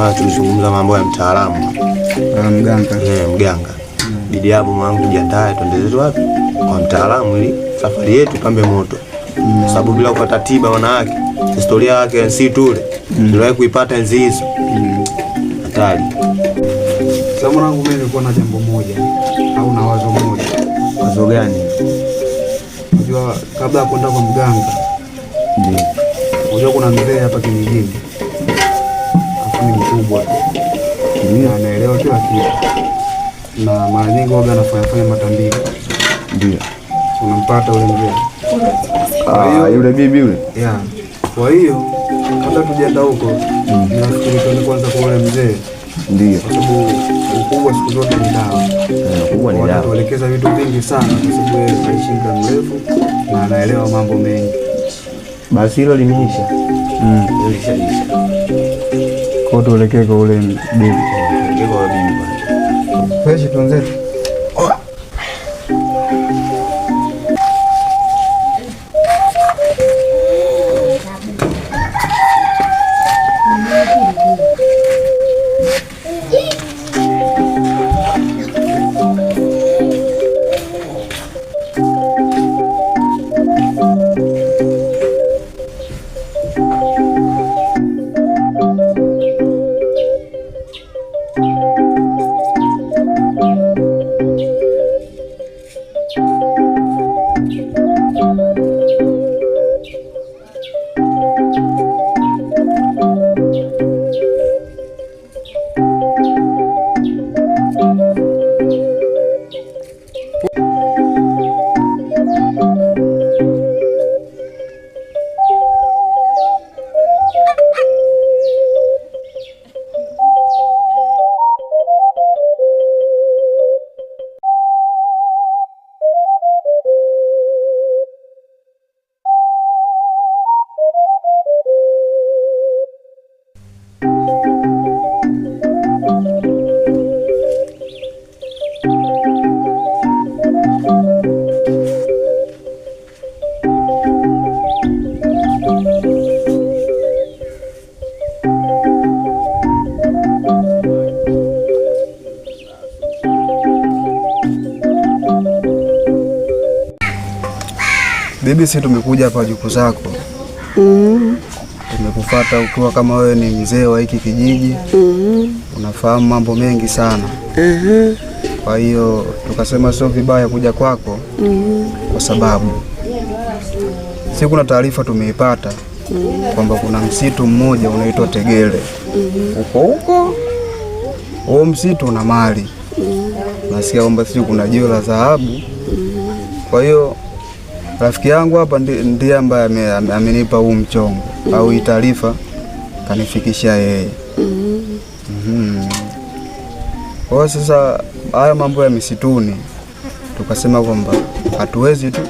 maana tulizungumza mambo ya mtaalamu ah, mganga, Eh, mganga mm. bidi hapo mwangu, jiandae twende zetu wapi kwa mtaalamu, ili safari yetu pambe moto mm. sababu bila kupata tiba, wanawake historia yake si tule mm. Niliwahi kuipata enzi hizo mm. hatari Sasa mwanangu, mimi nilikuwa na jambo moja au na wazo moja. Wazo gani? Unajua, kabla ya kwenda kwa mganga, ndio unajua kuna mzee hapa kijijini ni mkubwa na anaelewa kila kitu, na mara nyingi waga anafanyafanya matambiko, ndio unampata ule mzee ah, yule bibi yule yeah. Kwa hiyo hata tujaenda huko mm. nafikiri kwanza kwa ule mzee ndio kwa sababu ukubwa siku zote ni dawa. Eh, ukubwa ni dawa, tuelekeza vitu vingi sana, kwa sababu yeye anaishi muda mrefu na anaelewa mambo mengi. Basi hilo limeisha, mm. limeishaisha. Kwa tuelekee kwa ule bibi. Fresh tunzetu. Bibi, si tumekuja hapa juku zako mm. Tumekufuata ukiwa kama wewe ni mzee wa hiki kijiji mm. Unafahamu mambo mengi sana uh -huh. Kwa hiyo tukasema sio vibaya kuja kwako mm. Kwa sababu si kuna taarifa tumeipata mm. kwamba kuna msitu mmoja unaitwa Tegere mm. uko huko huo msitu una mali mm. Nasikia kwamba sisi kuna jiwe la dhahabu mm. Kwa hiyo Rafiki yangu hapa ndiye ambaye amenipa ame, huu mchongo mm -hmm. au hii taarifa kanifikisha yeye mm -hmm. mm -hmm. Kwa sasa haya mambo ya misituni tukasema kwamba hatuwezi tu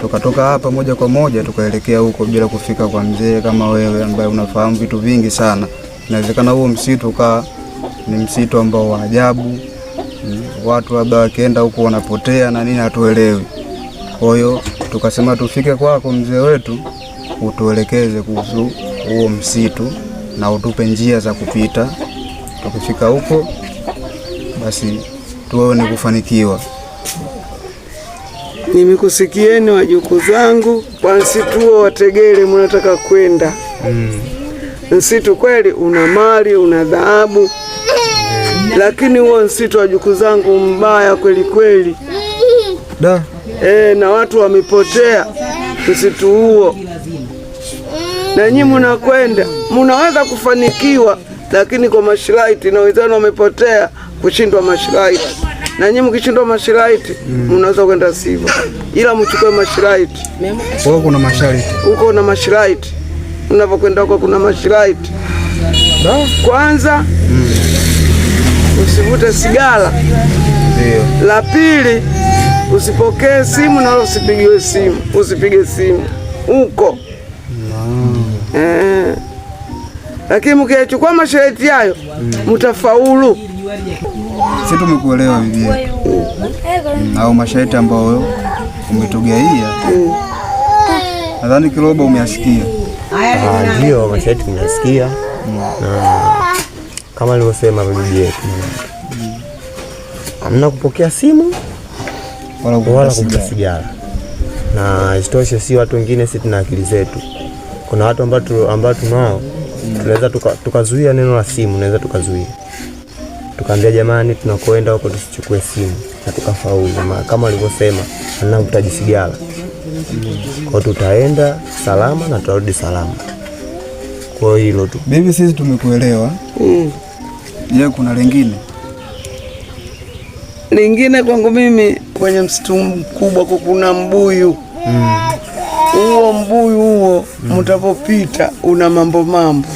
tukatoka hapa moja kwa moja tukaelekea huko bila kufika kwa mzee kama wewe ambaye unafahamu vitu vingi sana. Inawezekana huo msitu ukaa ni msitu ambao wa ajabu, mm, watu labda wakienda huko wanapotea na nini, hatuelewi. Kwa hiyo tukasema tufike kwako mzee wetu, utuelekeze kuhusu huo msitu na utupe njia za kupita. Tukifika huko basi tuone kufanikiwa. Nimekusikieni wajukuu zangu, kwa wa wategere mnataka kwenda mm. Msitu kweli una mali una dhahabu, hmm. lakini huo msitu wajukuu zangu mbaya kweli kweli da e, na watu wamepotea, msitu na nyinyi mnakwenda, mnaweza kufanikiwa, lakini kwa mashiraiti na wenzano wamepotea, kushindwa mashiraiti na nyinyi mkishindwa mashiraiti mm. mnaweza mm. kwenda sivyo, ila mchukue mashiraiti huko. Kuna mashiraiti huko na mashiraiti mnapokwenda huko kuna mashiraiti kwanza, mm. usivute sigara. Ndio. La pili Usipokee simu na usipigiwe simu, usipige simu huko no. Mm. Eh. lakini mkiyachukua masharti hayo mm. mtafaulu. Si tumekuelewa bibi mm. au masharti ambayo umetugaia? Nadhani kiroba umeasikia. Ah, ndio, masharti tunasikia kama alivyosema bibi yetu, amna kupokea simu wala kuvuta sigara, na isitoshe, si watu wengine, si tuna akili zetu. Kuna watu ambao tunao tunaweza tukazuia tuka neno la simu, naweza tukazuia tukaambia, jamani, tunakoenda huko tusichukue simu na tukafaulu, kama walivyosema anavutaji sigara kwao, tutaenda salama na tutarudi salama. Kwa hilo tu bibi, sisi tumekuelewa. Mm. Je, mm. kuna lengine lingine kwangu mimi, kwenye msitu mkubwa kuna mbuyu huo mm. mbuyu huo mtapopita mm. una mambo mambo,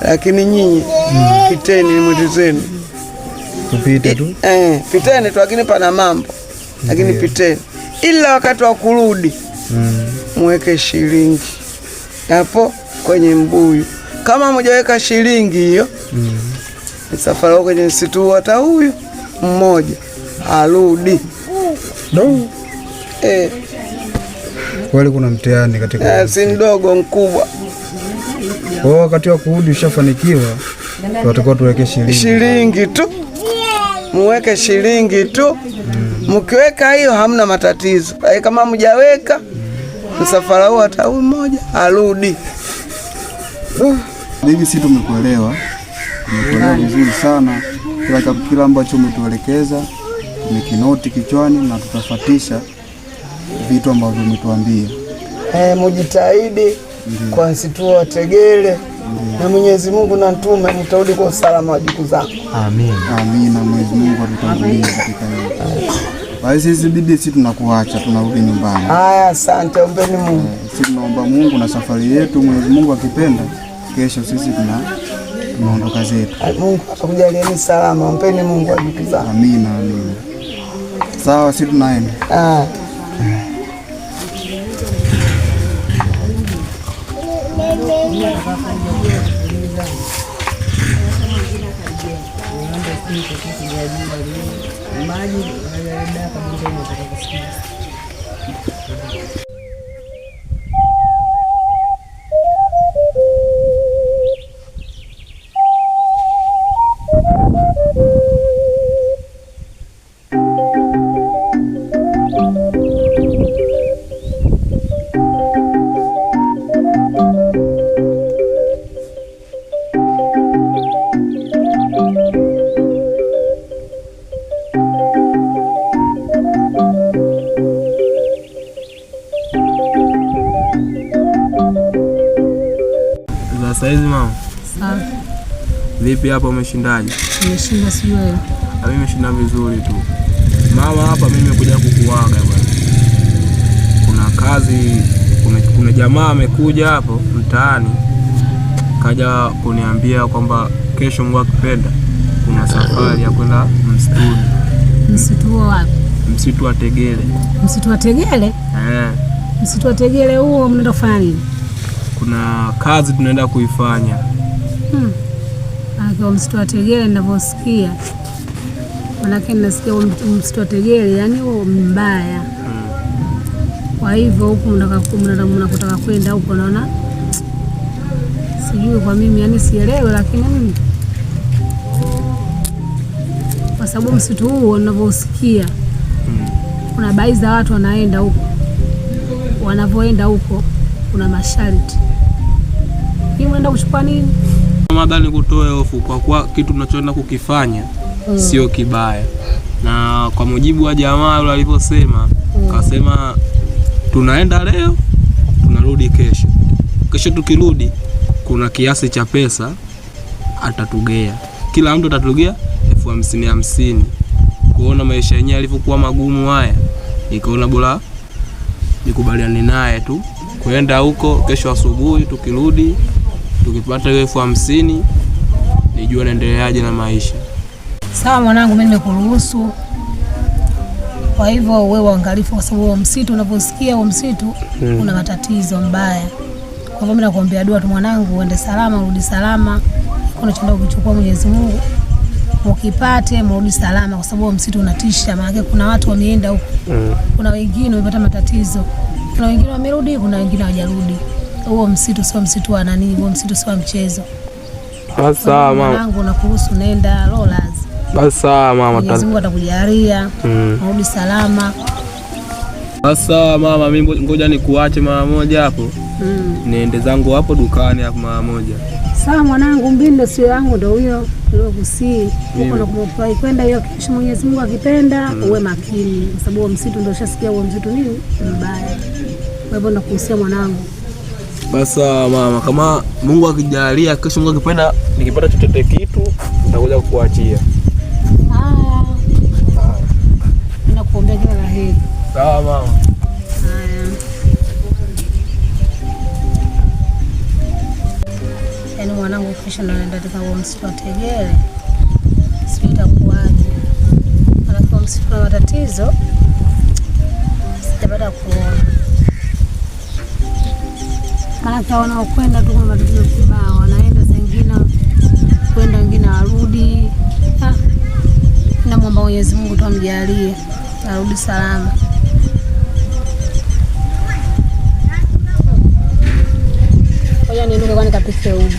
lakini nyinyi mm. piteni, zenu, tupite tu eh, eh, piteni tu, lakini pana mambo lakini yeah. piteni, ila wakati wa kurudi mm. mweke shilingi hapo kwenye mbuyu. Kama mjaweka shilingi hiyo mm. msafara kwenye msitu hata huyu mmoja arudi no. Eh. Kweli kuna mtihani katika eh, si mdogo mkubwa. Kwa wakati wa kurudi ushafanikiwa, watakuwa tuweke shilingi shilingi tu, muweke shilingi tu mm. mkiweka hiyo hamna matatizo. Eh, kama mjaweka msafara huu hata huu mmoja arudi. Bibi, si tumekuelewa, tumekuelewa vizuri sana kila ambacho umetuelekeza nikinoti kichwani na tutafatisha vitu ambavyo umetuambia. Eh, mujitahidi kwansi tu wategele na Mwenyezi Mungu na mtume mtarudi kwa usalama wa juku zako. Amin. Amin, Mwenyezi Mungu atutangulie katika hilo. Basi hizi bibi, si tunakuacha tunarudi nyumbani. Haya, asante, ombeni Mungu. Eh, sisi tunaomba Mungu na safari yetu, Mwenyezi Mungu akipenda, kesho sisi tuna tunaondoka zetu. Mungu akujalie ni salama, ombeni Mungu wa zako. Amina, amina. sawa, si tunaenda ah. Za saizi mama? Sawa. Vipi hapa umeshindaje? Nimeshinda sio wewe. Mimi nimeshinda vizuri tu. Mama, hapa mimi nimekuja kukuaga bwana. Kuna kazi, kuna, kuna jamaa amekuja hapo mtaani kaja kuniambia kwamba kesho Mungu akipenda kuna safari ya kwenda msituni. Msitu wapi? Msitu wa Tegele. Msitu wa Tegele? Eh. Msitu wa Tegele huo mnaenda kufanya nini? kuna kazi tunaenda kuifanya. Hmm. Akiwa msitu wa Tegere ninavyosikia, manake nasikia msitu wa Tegere yani huo mbaya. Hmm. Kwa hivyo huku mnakotaka kwenda huko, naona sijui kwa mimi yani sielewe, lakini mimi kwa sababu msitu huo ninavyosikia, hmm. kuna baadhi za watu wanaenda huko, wanavyoenda huko kuna masharti umeenda kushupa nini? Madhani kutoe hofu kwa kuwa kitu tunachoenda kukifanya mm. sio kibaya, na kwa mujibu wa jamaa yule alivyosema mm. kasema tunaenda leo tunarudi kesho, kesho tukirudi kuna kiasi cha pesa atatugea, kila mtu atatugea elfu hamsini hamsini. Kuona maisha yenyewe yalivyokuwa magumu haya, nikaona bora nikubaliane naye tu kwenda huko, kesho asubuhi tukirudi tukipata hiyo elfu hamsini nijua naendeleaje na maisha. Sawa mwanangu, mimi nimekuruhusu. Kwa hivyo wewe uangalifu, kwa sababu msitu unaposikia huo msitu hmm, una matatizo mbaya. Kwa hivyo mimi nakuombea dua tu mwanangu, uende salama, urudi salama. Kuna chenda kuchukua Mwenyezi Mungu ukipate mrudi salama, kwa sababu msitu unatisha. Maana kuna watu wameenda huko, hmm. kuna wengine wamepata matatizo, kuna wengine wamerudi, kuna wengine hawajarudi huo msitu sio msitu wa nani, huo msitu sio mchezo. Basa sawa mama. Mwanangu nakuruhusu nenda Lolas. Basa mama. Mwenyezi Mungu atakujalia. Mm. salama. Basa mama, mimi ngoja nikuache mara moja hapo. Mm. Niende zangu hapo dukani hapo mara moja. Sawa mwanangu, mimi sio yangu ndo huyo kusii huko na kupai kwenda hiyo kesho, Mwenyezi Mungu akipenda. Mm. Uwe makini kwa sababu msitu ndio ushasikia, huo msitu nini mbaya. Kwa hivyo nakuhusia mwanangu Basa ah, mama, kama Mungu akijalia, kesho Mungu akipenda, nikipata chochote kitu nitakuja kukuachia. Ah. Nakuombea kila la heri. Sawa mama. Yaani mwanangu kesho naenda katika msitu wa Tegere, sijui itakuwaje. kwa msitu na matatizo sijapata kuona Maanake wanaokwenda tu kuna tatizo kibao, wanaenda saa kwenda wengine warudi. Namwomba Mwenyezi Mungu tu amjalie arudi salama. Ngoja niinuke kwani kapike uji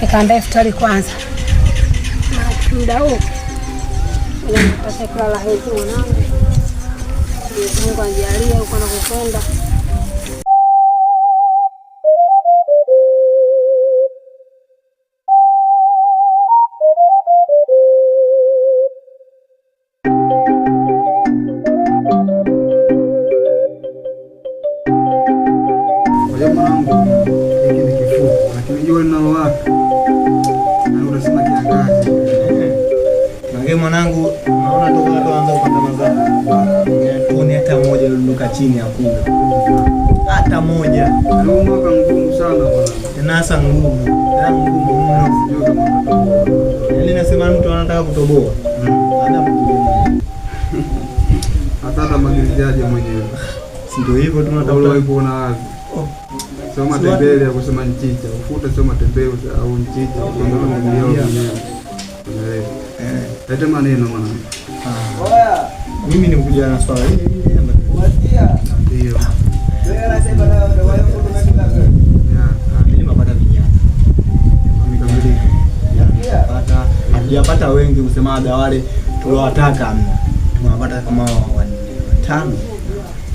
nikaandae futari kwanza, muda huu atakula la heri mwanangu. Mwenyezi Mungu amjalie huko moja. Mwaka mgumu sana bwana. Tena hasa ngumu. ngumu mno. Sijui Yaani nasema mtu anataka kutoboa. Hata Hata hata magilizaje mwenyewe. ndio hivyo tunatafuta. Wewe unaona wazi. Oh. Sio matembele ya kusema nchicha. Ufuta sio matembele au nchicha. Eh. Lete maneno mwanangu. Ah. Mimi nikuja na swala Ndio. hatujapata wengi kusema labda wale tuliowataka mm, tunawapata kama watano,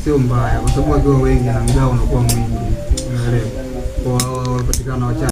sio mbaya, kwa sababu wakiwa wengi na mgao unakuwa mwingi, unaelewa, wapatikana wachache.